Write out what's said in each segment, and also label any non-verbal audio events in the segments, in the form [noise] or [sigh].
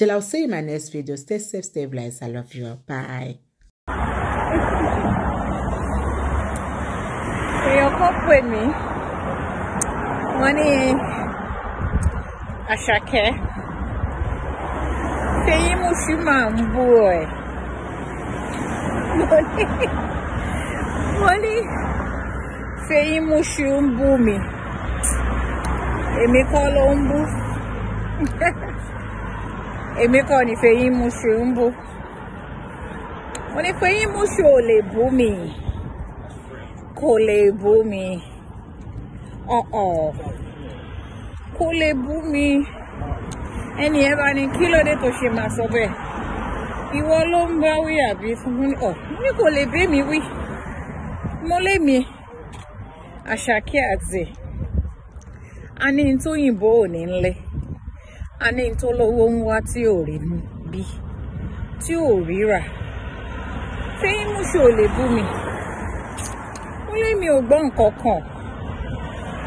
Till I'll see you in my next video. Stay safe, stay blessed. I love you. Bye. Èèyàn up with me, wọ́n ní Àṣàkẹ́, Ṣèyí Mùsùlùmí máa ń bú ẹ̀. Wọ́n ní Ṣèyí Mùsùlùmí ń bú mi, èmi kọ́ ló ń bú. [laughs] èmi kọ́ ní Fẹ́yí Múṣù ń bú mo ní Fẹ́yí Múṣù ò lè bú mi kò lè bú mi ọ̀ọ̀ kò lè bú mi ẹnì yẹn bá ní kí ló dé tó ṣe máa sọ bẹ́ẹ̀ ìwọ ló ń bá wí àbí fúnfún ọ mi kò lè bẹ́ mi wí mo lé mi àṣàkí àti a ní tóyìnbó ò ní ń lé a ní n tó lówó ń wá tí ò rí bí tí ò ríra Fẹ́yìmúṣe ò lè bú mi ó lé mi ò gbọ́ nǹkan kan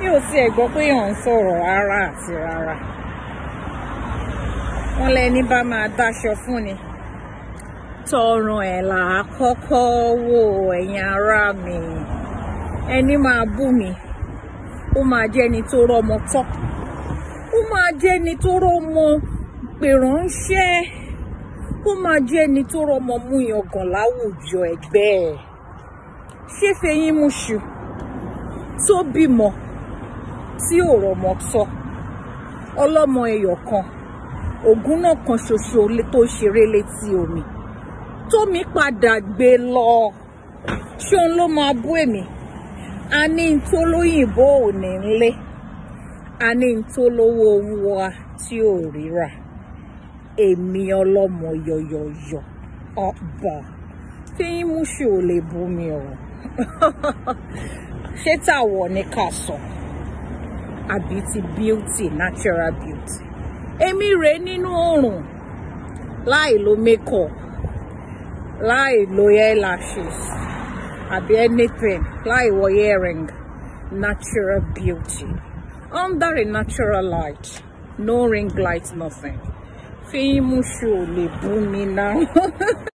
mi ò tiẹ̀ gbọ́ pé yàn ń sọ̀rọ̀ rárá àti rárá wọn lẹni bá máa dáṣọ fún ni tọrùn ẹ̀ là á kọ́kọ́ wò ẹ̀yin ará mi ẹni máa bú mi ó máa jẹ́ ẹni tó rọ́mọ tọ́ ó máa jẹ́ ẹni tó rọ́mọ pè ránṣẹ́ ó máa jẹ́ ẹni tó rọ́mọ mú yangàn láwùjọ ẹgbẹ́ ẹ̀ ṣé fẹyín muṣu tó bímọ tí ò rọ́mọ tọ́ ọlọ́mọ ẹyọ kan ògún náà kan ṣoṣo tó ṣeré létí omi tómi padà gbé lọ ṣé òun ló máa bú èmi a ní tó lóyìnbó ò ní ń a ní n tó lówó wa tí ò ríra èmi ọlọ́mọ yọ̀yọ̀yọ̀ ọba tí múṣù ò lè bú mi o [laughs] ṣé tàwọ̀ ni ká sọ àbí ti beauty natural beauty èmi rèé nínú oòrùn láì lo makeup láì lo eyelashes àbí anything láì wọ earring natural beauty under a natural light no ring light nothing fíìmù ṣò lè bú mi náà. [laughs]